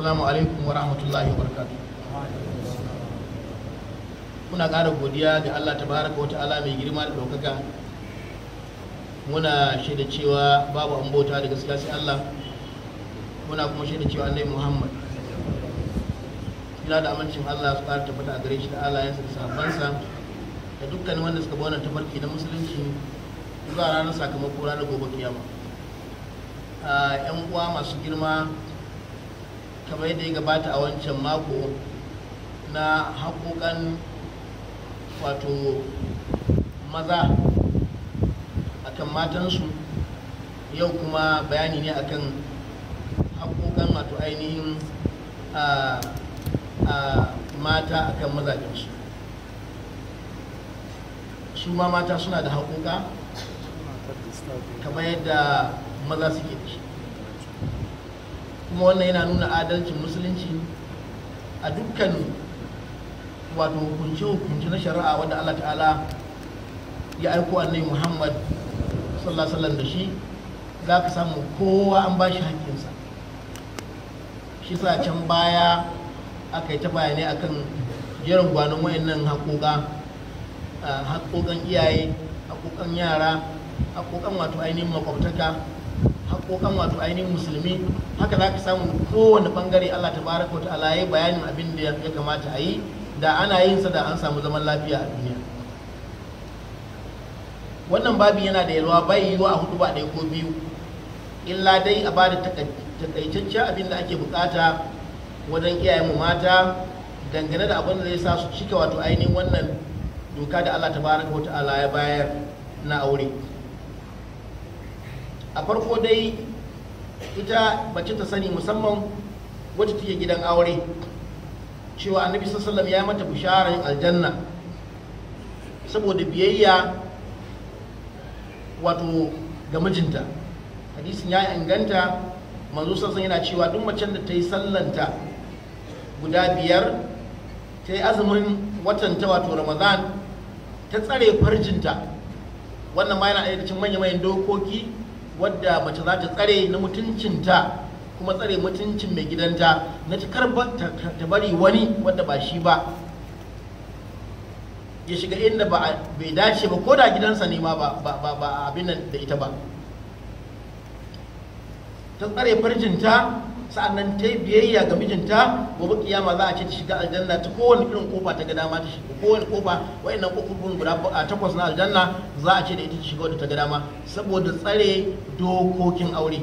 assalamu alaikum wa rahmatullahi wa muna ƙara godiya ga Allah Ta baraka wata ala mai girma da ɗaukaka muna shaida cewa babu an bauta da gaskiya sai Allah muna kuma shaida cewa annabi Muhammad ina da amincin Allah su ƙara tabbata a gare shi da Allah ya sa sabansa da dukkanin wanda suka bona wannan tafarki na musulunci zuwa ranar sakamako ranar gobe kiyama ah, ƴan uwa masu girma kamar yadda ya gabata a wancan mako na haƙoƙan wato maza akan matansu yau kuma bayani ne kan haƙoƙan wato ainihin a mata akan mazajensu su ma mata suna da haƙoƙa kamar yadda maza suke da shi kuma wannan yana nuna adalcin musulunci a dukkan wato hukunce-hukunce na shari'a wanda Allah ta'ala ya aiko annabi Muhammad sallallahu da shi za ka samu kowa an ba shi hakinsa. shi sa can baya aka yi ta bayanai akan jerin gwanon wayannan haƙoƙa haƙoƙan iyaye haƙoƙan yara haƙoƙan wato ainihin makwabtaka haƙoƙan wato ainihin musulmi haka za ka samu kowane ɓangare Allah ta baraka wata alaye bayanin abin da ya kamata a yi da ana yin sa da an samu zaman lafiya a duniya wannan babi yana da yalwa bai yiwa a hudu ba ɗaya ko biyu illa dai a bada takaitaccen abin da ake bukata wajen iyayen mu mata dangane da abin da zai sa su cika wato ainihin wannan doka da Allah ta baraka wata alaye ya bayar na aure. a farko dai ita bace ta sani musamman wacce take gidan aure cewa annabi sallallahu ya mata bisharar aljanna saboda biyayya wato ga mijinta hadisin ya inganta manzo sassan yana cewa duk macen da ta yi sallanta guda biyar ta yi azumin watan ta wato ramadan ta tsare farjinta wannan ma yana ɗaya cikin manya-manyan dokoki wadda mace za ta tsare na mutuncinta kuma tsare mutuncin mai gidanta na cikar ta bari wani wadda ba shi ba ya shiga inda ba bai dace ba ko da gidansa ne ma ba abin da ita ba ta tsare farjinta sa'annan ta yi biyayya ga mijinta gobe kiyama za a ce ta shiga aljanna ta kowane irin kofa ta ga dama ta shiga kowane kofa wayannan kofofin guda takwas na aljanna za a ce da ita ta shiga wadda ta ga dama saboda tsare dokokin aure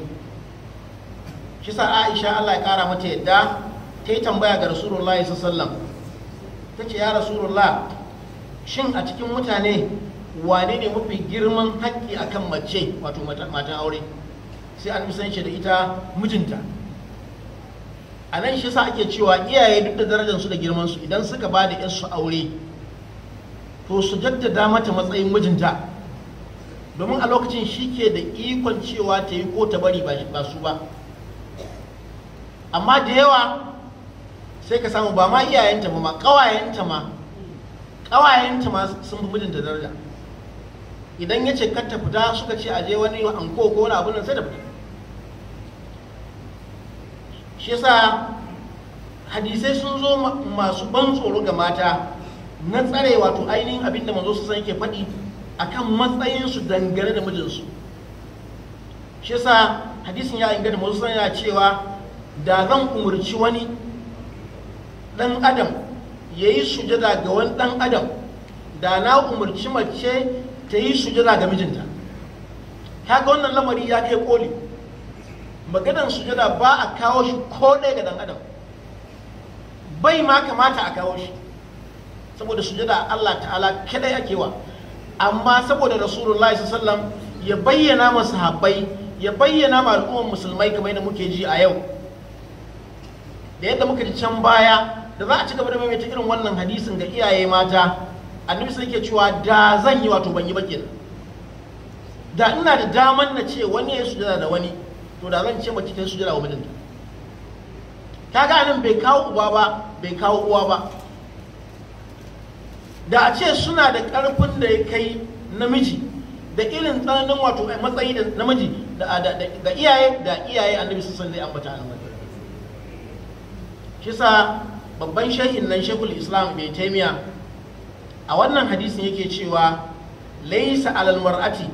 shi sa Aisha Allah ya kara mata yadda ta yi tambaya ga Rasulullahi sallam. ta ce ya Rasulullah shin a cikin mutane wane mafi girman haƙƙi akan mace wato matan aure sai an shi da ita mijinta a nan shi sa ake cewa iyaye duk da darajarsu da girman su idan suka ba da su aure to su jaddada mata matsayin mijinta domin a lokacin shi ke da ikon cewa ta yi ko ta bari ba su ba amma da yawa sai ka samu ba ma iyayenta ba ma ƙawayenta ma kawayenta ma sun fi mijinta daraja idan ya ce kar ta fita suka ce a je wani anko ko wani abun nan sai ta fita shi sa hadisai sun zo masu ban tsoro ga mata na tsare wato ainihin abin da manzo su san ke faɗi kan matsayinsu dangane da mijinsu shi sa hadisin ya inganta manzo su yana cewa da zan umarci wani dan adam ya yi sujada ga wani dan adam da na umarci mace ta yi sujada ga mijinta kaga wannan lamari ya kai koli maganan sujada ba a kawo shi ko ɗaya ga dan adam bai ma kamata a kawo shi saboda sujada Allah ta'ala kadai ake wa amma saboda rasulullahi sallam ya bayyana ma haɓai, ya bayyana ma al'umman musulmai kamar da muke ji a yau da yadda muka ji can baya da za a ci gaba da maimaita irin wannan hadisin ga iyaye mata annabi sai ke cewa da zan yi wato ban yi ba da ina da daman na ce wani ya yi sujada da wani to da zan ce mace ta sujada wa mijinta ga anan bai kawo uba ba bai kawo uwa ba da a ce suna da karfin da ya kai namiji da irin tsananin wato matsayi da namiji da iyaye da iyaye annabi sun san zai ambata a kisa babban shehin nan shekul islam mai taimiya a wannan hadisin yake cewa laisa alal mar'ati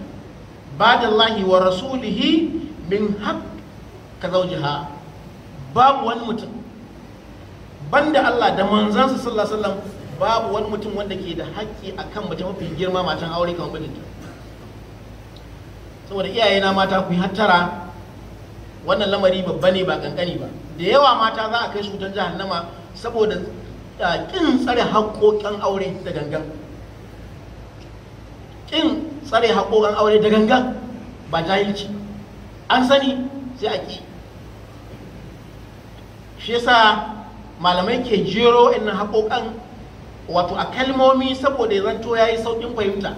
ba'da Allahi wa rasulihi min haq ka babu wani mutum banda Allah da manzansa sallallahu alaihi wasallam babu wani mutum wanda ke da haƙƙi akan mace mafi girma matan aure kamar mijinta saboda iyaye na mata ku yi hattara wannan lamari babba ne ba kankani ba da yawa mata za a kai su wutan jahannama saboda kin tsare haƙoƙin aure da gangan kin tsare haƙoƙin aure da gangan ba jahilci an sani sai a ƙi shi yasa malamai ke jero in haƙoƙan wato a kalmomi saboda zanto ya yi sauƙin fahimta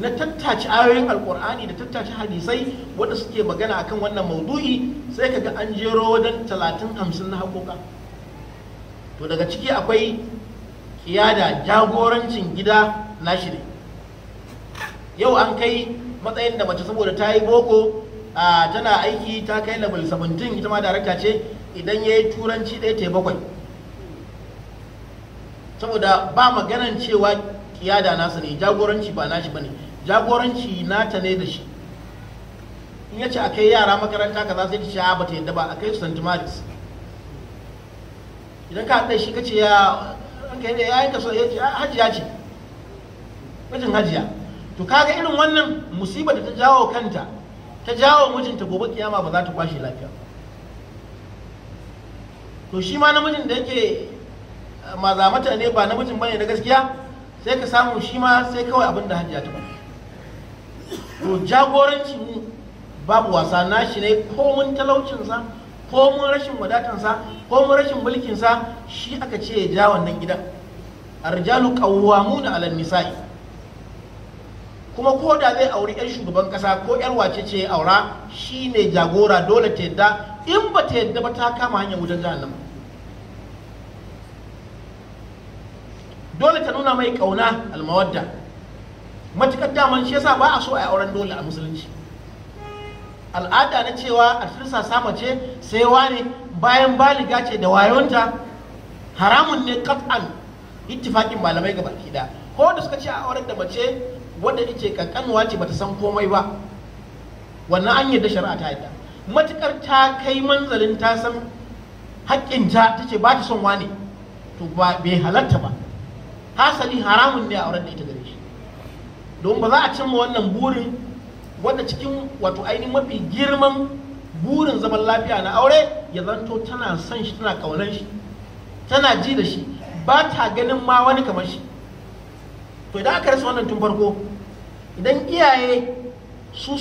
na tattace ayoyin alkur'ani da tattace hadisai wanda suke magana akan wannan maudu'i sai ka ga an jero wajen talatin hamsin na haƙoƙa to daga ciki akwai kiyada jagorancin gida na shirin yau an kai matsayin da mace saboda ta yi boko tana aiki ta kai level 17 ita ma darakta ce idan ya yi turanci ɗaya ta bakwai saboda ba maganan cewa kiyada nasa ne jagoranci ba nashi ba ne jagoranci nata ne da shi in ya ce a kai yara makaranta kaza sai ta ce a bata yadda ba a kai su st maris idan ka haɗa shi ka ce ya ranka yadda ya yi so ya ce ah, hajiya ce mijin hajiya to kaga irin wannan musibar da ta jawo kanta ta jawo mijinta gobe kiyama ba za ta kwashe lafiya to shi ma namijin da yake eh, maza mata ne ba namijin bane na gaskiya sai ka samu shi ma sai kawai abin da hajiya ta to jagoranci mu babu wasa na shi ne ko mun talaucinsa ko mun rashin wadatansa ko mun rashin mulkinsa shi aka ce ya ja wannan gidan arjalu qawwamuna 'alan nisa'i kuma ko da zai auri yan shugaban kasa ko yar wace ce aura shine jagora dole ta yadda in ba ta yadda ba ta kama hanyar wajen jahannama dole ta nuna mai kauna almawadda matukar daman shi yasa ba a so a auren dole a musulunci al'ada na cewa a tursa sama ce sai wane bayan baliga ce da wayonta haramun ne kat'an ittifakin malamai gaba baki ko da suka ce a auren da mace wadda ce kankanuwa ce bata san komai ba wannan an yadda shari'a ta yadda matukar ta kai manzalin ta san haƙƙin ta ce ba ta son wane to ba bai halatta ba hasali haramun ne a auren da ita gare shi don ba za a cimma wannan burin wanda cikin wato ainihin mafi girman burin zaman lafiya na aure ya zanto tana son shi tana kaunar shi tana ji da shi ba ta ganin ma wani kamar shi to idan aka rasa wannan tun farko idan iyaye su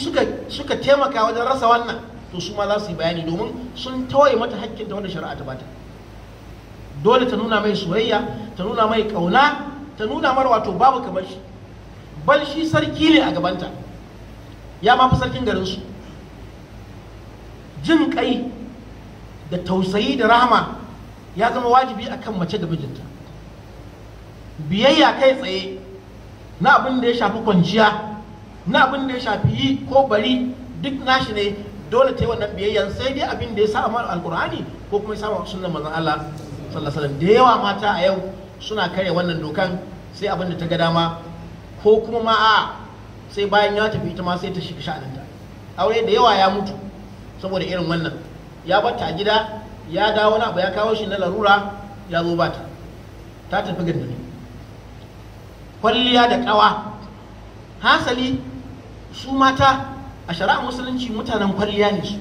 suka taimaka wajen rasa wannan to su ma za su yi bayani domin sun tawaye mata hakkin ta wanda shari'a ta bata dole ta nuna mai soyayya ta nuna mai kauna ta nuna mar wato babu kamar shi bal shi sarki ne a gabanta ya ma fi sarkin garinsu jin kai da tausayi da rahama ya zama wajibi akan mace da mijinta biyayya kai tsaye na abin da ya shafi kwanciya na abin da ya shafi yi ko bari duk nashi ne dole ta yi wannan biyayyan sai dai abin da ya sa amar alkur'ani ko kuma ya sa sunan mazan Allah sallasalam da yawa mata a yau suna karya wannan dokan sai abin da ta ga dama ko kuma ma a sai bayan ya tafi ita ma sai ta shiga sha'aninta aure da yawa ya mutu saboda irin wannan ya bata a gida ya dawo wani abu ya kawo shi na larura ya zo bata ta tafi gandami kwalliya da ƙawa hasali su mata a shari'ar musulunci mutanen kwalliya ne su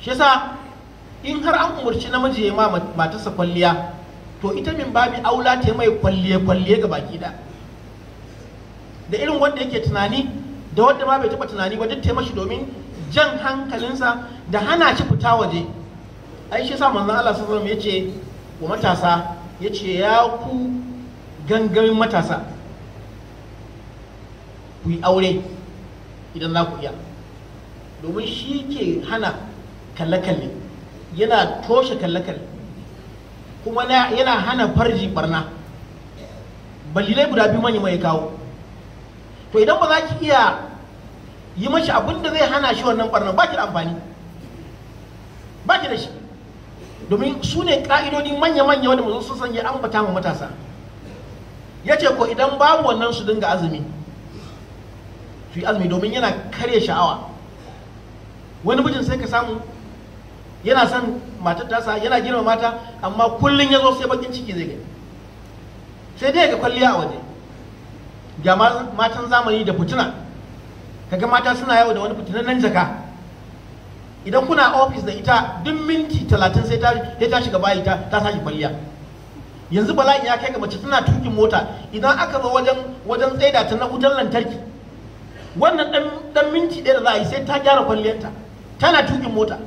shi yasa in har an umarci namiji ya ma matasa kwalliya to ita min babi aula ta mai kwalliya kwalliya ga baki da da irin wanda yake tunani da wanda ma bai taba tunani ba duk mashi domin jan hankalinsa da hana shi fita waje ai shi yasa manzon Allah sallallahu alaihi wasallam yace wa matasa yace ya ku gangarin matasa ku yi aure idan za ku iya domin shi ke hana kalle-kalle yana toshe kalle-kalle kuma yana hana farji barna balilai guda biyu manya mai kawo to idan ba za ki iya yi mashi abin da zai hana shi wannan barna ba ki da amfani ba ki da shi domin su ne ka'idodi manya-manya wanda mazu sun sanya an bata ma matasa ya ce ko idan babu wannan su dinga azumi su yi azumi domin yana karya sha'awa wani mijin sai ka samu yana son matar tasa yana girma mata amma kullum ya zo sai bakin ciki zai gani sai dai ga kwalliya a waje ga matan zamani da fituna kaga mata suna yawo da wani nan jaka idan kuna ofis da ita duk minti talatin sai ta shiga bayi ta ta kwalliya yanzu bala'in ya kai ga mace tana tukin mota idan aka zo wajen wajen tsaida ta na wutar lantarki wannan dan minti ɗaya da za a yi sai ta gyara kwalliyarta tana tukin mota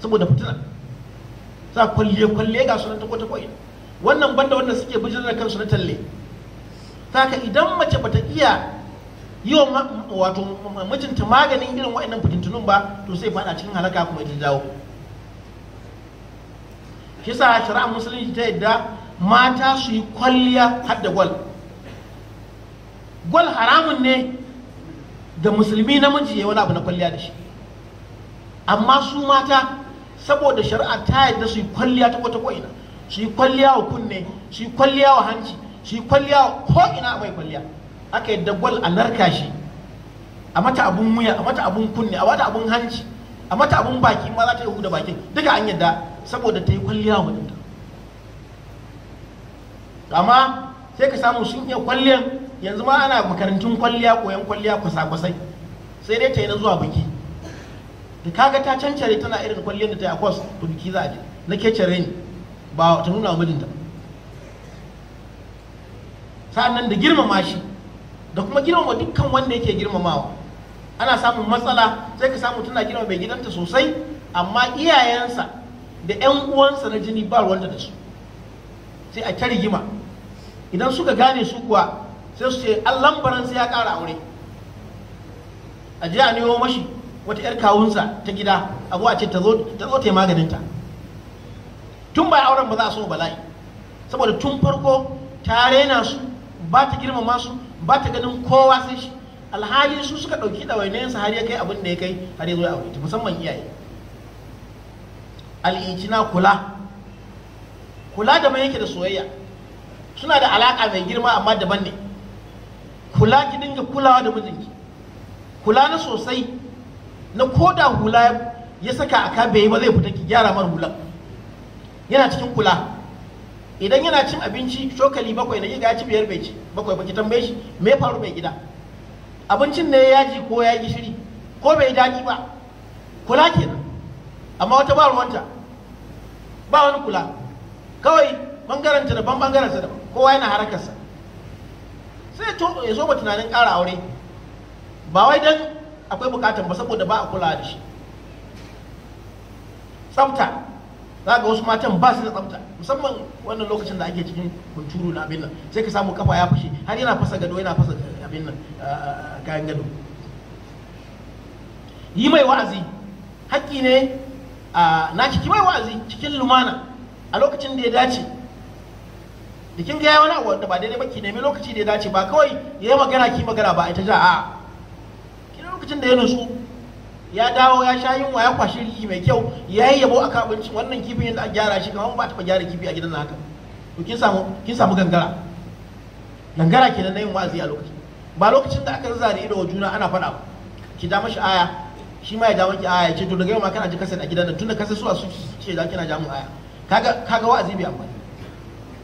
saboda fitina za kwalliye kwalliye ga sunan ta kwata kwai wannan banda wanda suke bijirar da kansu na talle taka idan mace bata iya yi wa wato mijinta maganin irin wa'annan fitintunun ba to sai fada cikin halaka kuma ita dawo Kisa shari'ar musulunci ta yadda mata su yi kwalliya har da gwal gwal haramun ne da musulmi namiji ya wani abu na kwalliya da shi amma su mata saboda shari'a ta yadda su yi kwalliya ta kwata ko'ina su yi kwalliya wa kunne su yi kwalliya wa hanci su yi kwalliya wa ko'ina mai kwalliya aka yadda gwal a narka shi a mata abun wuya a mata abun kunne a mata abun hanci a mata abun baki ma za ta yi da bakin duka an yadda saboda ta yi kwalliya wa ɗinta amma sai ka samu sun iya kwalliyan yanzu ma ana makarantun kwalliya koyan kwalliya kwasa-kwasai sai dai ta yi na zuwa biki da kaga ta cancare tana irin kwalliyan da ta yi a kwas to biki za a je na cire ni ba ta nuna wa mijinta sa'an nan da girmama shi da kuma girmama dukkan wanda yake girmamawa ana samun matsala sai ka samu tana girma mai gidanta sosai amma iyayensa da 'yan uwansa na jini ba wanda da su sai a ta rigima idan suka gane su kuwa sai su ce an lambaran ya kara aure a ji a nemo mashi wata 'yar kawunsa ta gida a zuwa ce ta zo ta yi maganinta tun bai auren ba za a so bala'i saboda tun farko ta rena su ba ta girmama su ba ta ganin kowa sai shi alhali su suka ɗauki ɗawainiyarsa har ya kai abin da ya kai har ya zo ya aure musamman iyaye na kula kula da mai yake da soyayya suna da alaƙa mai girma amma daban ne kula ki dinga kulawa da mijinki kula na sosai na koda hula ya saka a ka bai ba zai fita ki gyara mar hula yana cikin kula idan yana cin abinci cokali bakwai na yi ci biyar bai ci bakwai baki tambaye shi me faru mai gida abincin ne ya yaji ko ya yi shiri ko bai daɗi ba kula kenan amma wata ba ruwanta ba wani kula kawai bangaren ta daban bangaren sa daban kowa yana harakarsa sai ya zo ba tunanin ƙara aure ba wai dan akwai bukatan ba saboda ba a kula da shi tsafta za ga wasu matan ba su da tsafta musamman wannan lokacin da ake cikin kunturu na abin nan sai ka samu kafa ya fashe har yana fasa gado yana fasa abin nan kayan gado yi mai wa'azi haƙƙi ne na ciki mai wa'azi cikin lumana a lokacin da ya dace da kin gaya wani abu da ba daidai ba ki nemi lokaci da ya dace ba kawai ya yi magana ki magana ba ita ja a kina lokacin da ya nutsu ya dawo ya sha yunwa ya kwashi riki mai kyau ya yi yabo a kabinci wannan kifin yadda an gyara shi kamar ba taɓa gyara kifi a gidan haka to kin samu kin samu gangara gangara kenan na yin wa'azi a lokacin ba lokacin da aka zare ido wa juna ana faɗa ki da mashi aya shi ma ya dawo ki aya ya ce to daga yau ma kana ji kasan a gidan nan tunda kasan su a su ce da kina jamu aya kaga kaga wa'azi bai amfani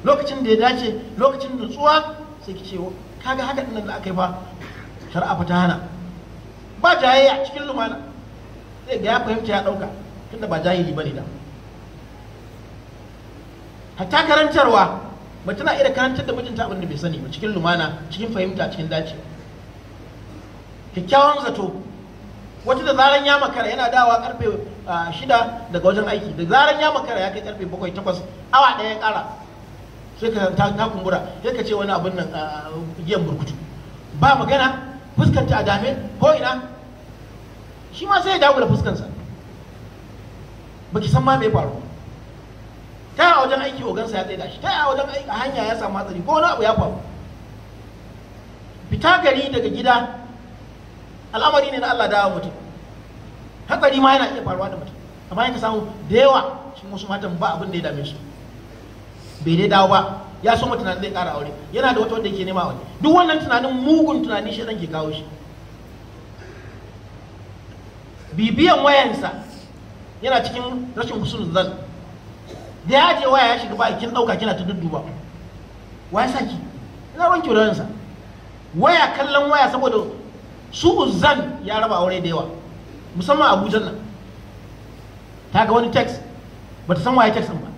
lokacin da ya dace lokacin da tsuwa sai ki ce kaga haka din da aka yi fa shar'a fa ta hana ba jayayya cikin lumana sai ga ya fahimci ya ɗauka tunda ba jahili ba ne da hatta karantarwa ba tana iya karantar da mijinta abin da bai sani ba cikin lumana cikin fahimta cikin dace kyakkyawan zato wata da zaran ya makara yana dawa karfe shida daga wajen aiki da zaran ya makara ya kai karfe bakwai takwas awa ɗaya ya sai ka ta kumbura sai ka ce wani abin nan giyan burkutu ba magana fuskanta a dame ko ina shi ma sai ya dagula fuskansa baki san ma mai faru ta yaya wajen aiki ogansa ya da shi ta yaya wajen aiki hanya ya samu hatsari ko wani abu ya faru fita gari daga gida al'amari ne na Allah dawo mutum hatsari ma yana iya faruwa da mutum amma yanka samu da yawa shi wasu matan ba abin da ya dame su bai dai dawo ba ya so tunanin zai kara aure yana da wata wanda ke nema wani duk wannan tunanin mugun tunani shi ke kawo shi bibiyan wayansa yana cikin rashin husnul zan da ya je waya ya shiga ba kin dauka kina ta dudduba wa ya saki ina ran ki sa waya kallon waya saboda su zan ya raba aure da yawa musamman abuja nan ta ga wani text bata san waye text ba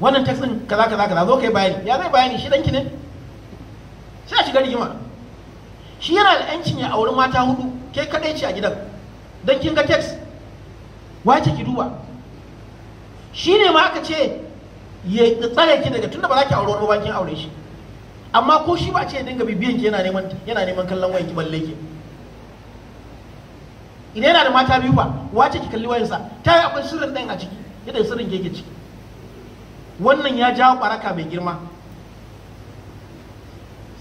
wannan text din kaza kaza kaza zo kai bayani ya zai bayani shi danki ne sai shiga rigima shi yana da yancin ya auri mata hudu ke kadai ce a gidan don kin ga text wace ki duba shi ne ma aka ce ya tsare ki daga tunda ba za ki aure wani bakin aure shi amma ko shi ba ce ya dinga bibiyan ki yana neman yana neman kallon wayanki balle ki idan yana da mata biyu ba wace ki kalli wayansa ta yi akwai sirrin ɗan a ciki yadda sirrin ke ciki wannan ya jawo baraka mai girma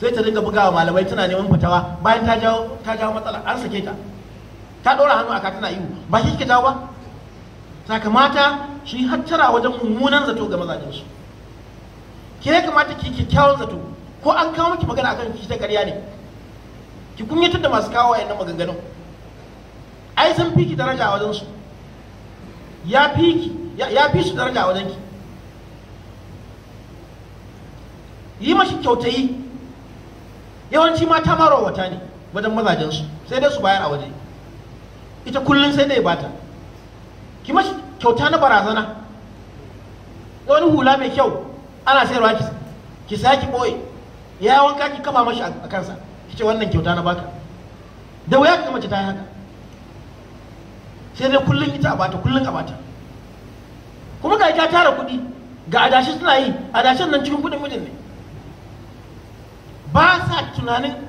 sai ta dinga bugawa malamai tana neman fitawa bayan ta jawo matsala an sake ta ta ɗora hannu a ka tana ihu ba shi ke jawo ba saka mata su yi hattara wajen mummunan zato ga su ke ya kamata ki kyakkyawan zato ko an kawo miki magana akan ki ta ƙarya ne ki kunyatar da masu kawo wayannan maganganun ai sun fi ki daraja a wajen su ya fi ki ya fi su daraja a wajen ki yi mashi kyautayi yawanci mata wata ne wajen su sai dai su bayar a waje ita kullum sai da ya bata ki mashi kyauta na barazana wani hula mai kyau ana sayarwa ruwa ki sa ki boye ya wanka ki kafa mashi a kansa ki ce wannan kyauta na baka da wuya ka mace ta yi haka sai dai kullum ita a bata kullum a bata kuma ga ta tara kuɗi ga adashi suna yi adashin nan cikin kuɗin mijin ne ba sa tunanin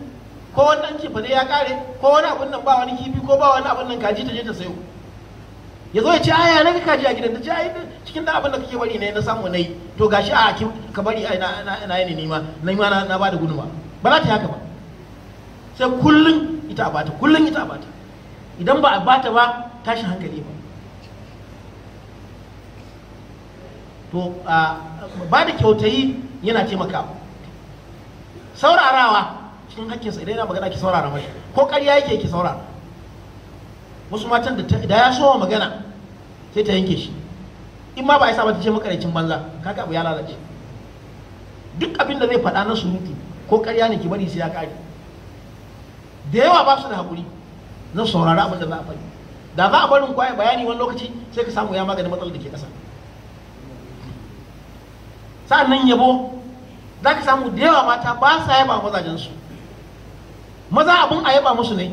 ko wannan cefane ya kare ko wani abun nan ba wani kifi ko ba wani abun nan kaji ta je ta sayo ya zo ya ce aya na kaji a gidan ta ce ai cikin da abin da kake bari ne na samu nai to gashi a ka bari ai na yi nima na yi na ba da ba za ta yi haka ba sai kullum ita a bata kullum ita a bata idan ba a bata ba tashi hankali ba to ba da kyautayi yana taimakawa saurarawa cikin sa idan yana magana ki saurara mashi ko ƙarya yake ki saurara wasu matan da da ya so magana sai ta yanke shi in ma ba ya saba ta ce makarancin banza kaga abu ya lalace duk abin da zai faɗa na surutu ko ƙarya ne ki bari sai ya ƙare da yawa ba su da haƙuri na saurara abin da za a faɗi da za a barin kwaye bayani wani lokaci sai ka samu ya magani matsalar da ke ƙasa sa'an nan yabo za ka samu da yawa mata ba sa yaba mazajensu maza abin a yaba musu ne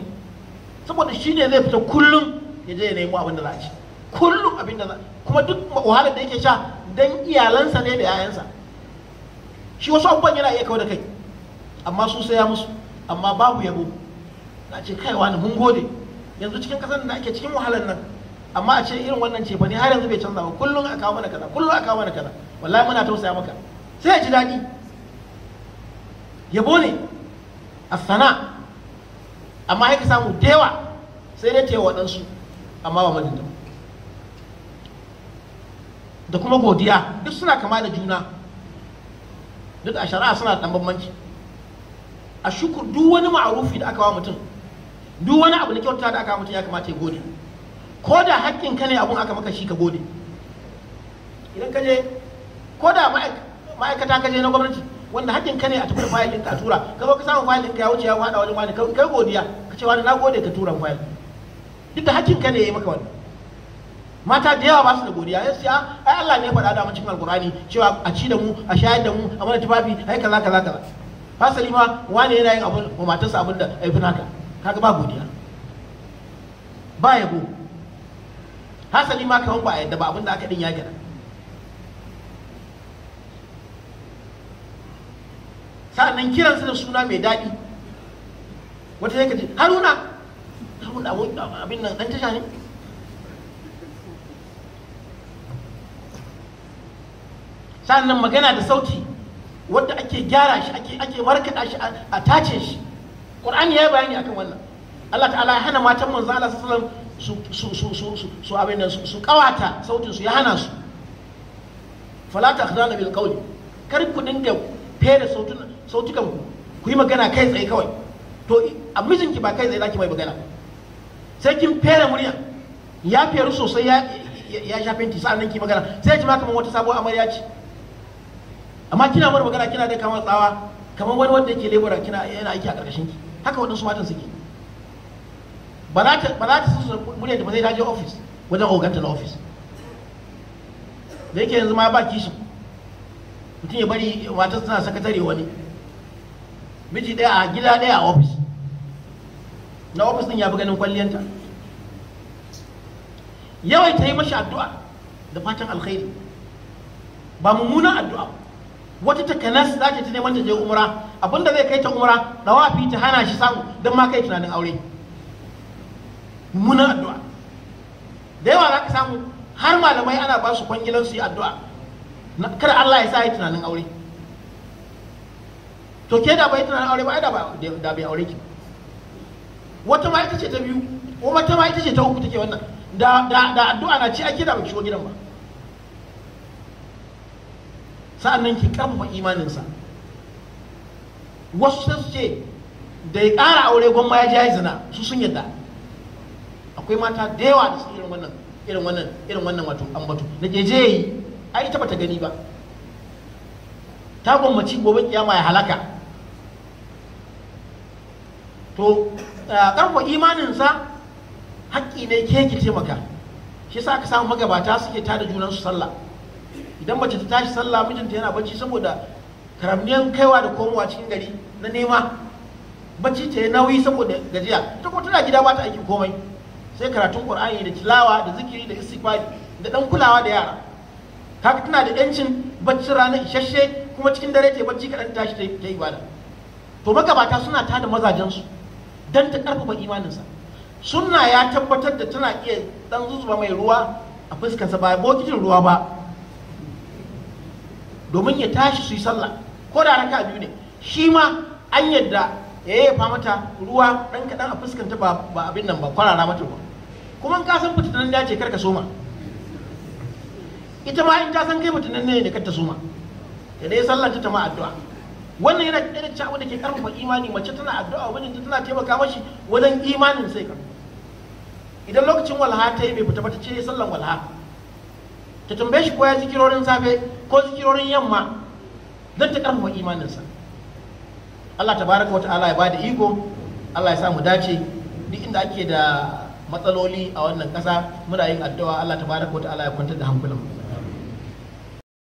saboda shi ne zai fita kullum ya je ya nemo abin da za a ci kullum abin da za kuma duk wahalar da yake sha dan iyalansa ne da 'ya'yansa shi wasu abubuwan yana iya kawo da kai amma su sai ya musu amma babu yabo na ce kai wani mun gode yanzu cikin kasar da ake cikin wahalar nan amma a ce irin wannan ce ne har yanzu bai canza ba kullum a kawo mana kaza kullum a kawo mana kaza wallahi muna tausaya maka sai ya ji daɗi yabo ne a sana amma haka samu da yawa sai dai ta yi waɗansu amma ba majinta da kuma godiya duk suna kama da juna duk a shari'a suna da bambanci a shukur duk wani ma'arufi da aka wa mutum duk wani abu na kyauta da aka wa mutum ya kamata ya gode ko da haƙƙin ka ne abun aka maka shi ka gode idan ka je ko da ma'aikata ka je na gwamnati wanda hakin ka ne a tafiya da fayil ɗinka a tura ka zo ka samu fayil ka ya wuce ya faɗa wajen wani kai godiya ka ce wani na gode ka tura fayil duk da hakin ka ne ya yi maka wannan mata da yawa ba su da godiya ya siya ai Allah ne ya faɗa da mu cikin alkurani cewa a ci da mu a shayar da mu a mana tufafi ai kaza kaza kaza fasali ma wani yana yin abu wa matarsa abun da ai fina ka kaga ba godiya ba yabo hasali ma kawai ba a yadda ba abin da aka din ya gina sa'annan su da suna mai daɗi wata sai ka ce haruna haruna abin nan ɗan tasha ne sa'annan magana da sauti wadda ake gyara shi ake warkaɗa shi a tace shi ƙur'ani ya yi bayani akan wannan Allah ta'ala ya hana matan manzo Allah sassan su abin nan su kawata sautin su ya hana su falata ta khadana bil qawli kar ku dinga fere sautin sautukan ku ku yi magana kai tsaye kawai to a mijinki ba kai tsaye zaki mai magana sai kin fere murya ya feru sosai ya ya sha fenti sa'an nan ki magana sai ki ma kamar wata sabuwar amarya ce amma kina mara magana kina da kamar tsawa kamar wani wanda yake lebura kina yana aiki a karkashin ki haka waɗansu matan suke ba za ta ba za ta san murya da ba zai je office wajen oganta na office da yake yanzu ma ba kishin mutum ya bari matar tana sakatare wani miji ɗaya a gida ɗaya a ofis na ofis ɗin ya bi ganin kwalliyanta yawai ta yi mashi addu'a da fatan alkhairi ba mummuna addu'a wata ta kanas za ta neman ta je umra abinda zai kai ta umra dawafi ta hana shi samu don ma kai tunanin aure mummuna addu'a da yawa za ka samu har malamai ana ba su kwangilan su yi addu'a kar Allah ya sa yi tunanin aure to ke da bai tunanin aure ba da bai aure ki wata ma ita ce ta biyu ko wata ma ita ce ta uku take wannan da da da addu'a na ci ake da ki shigo gidan ba sa'annan ki imanin imaninsa wasu sai ce da ya ƙara aure gwamma ya jayi ya zina su sun yadda akwai mata da yawa da su irin wannan irin wannan irin wannan wato da ke je yi ai ita bata gani ba ta gwammaci gobe kiyama ya halaka to ƙarfa eh, imaninsa haƙƙi ne ke ki taimaka shi sa ka samu magabata suke tada su sallah idan mace ta tashi sallah mijinta yana bacci saboda karamniyan kaiwa da komowa cikin gari na nema bacci ta yi nauyi saboda gajiya ta kuma tana gida ba ta aiki komai sai karatun qur'ani da tilawa da zikiri da istighfari da dan kulawa da yara haka tana da yancin bacci rana isasshe kuma cikin dare ta bacci kaɗan tashi ta yi ibada to magabata suna tada mazajensu don ta karfafa imaninsa sunna ya tabbatar da tana iya dan zuzuba mai ruwa a fuskarsa ba bokitin ruwa ba domin ya tashi su yi sallah ko da raka biyu ne shi ma an yadda ya yi fa mata ruwa dan kaɗan a fuskanta ba abin nan ba kwarara mata ba kuma ka san fitinan da ce karka soma ita ma in ta san kai fitinan ne ne kar ta soma da dai sallanta ta ma addu'a wannan yana ɗaya da abin da ke karfafa imani mace tana addu'a wajen tana taimaka mashi wajen imanin sai ka idan lokacin walha ta yi bai fita ba ta ce sallan walha ta tambaye shi ko ya zikirorin safe ko zikirorin yamma don ta karfafa imaninsa Allah Ta baraka wata Allah ya bada iko Allah ya mu dace duk inda ake da matsaloli a wannan ƙasa muna yin addu'a Allah Ta baraka wata Allah ya kwantar da hankulan mu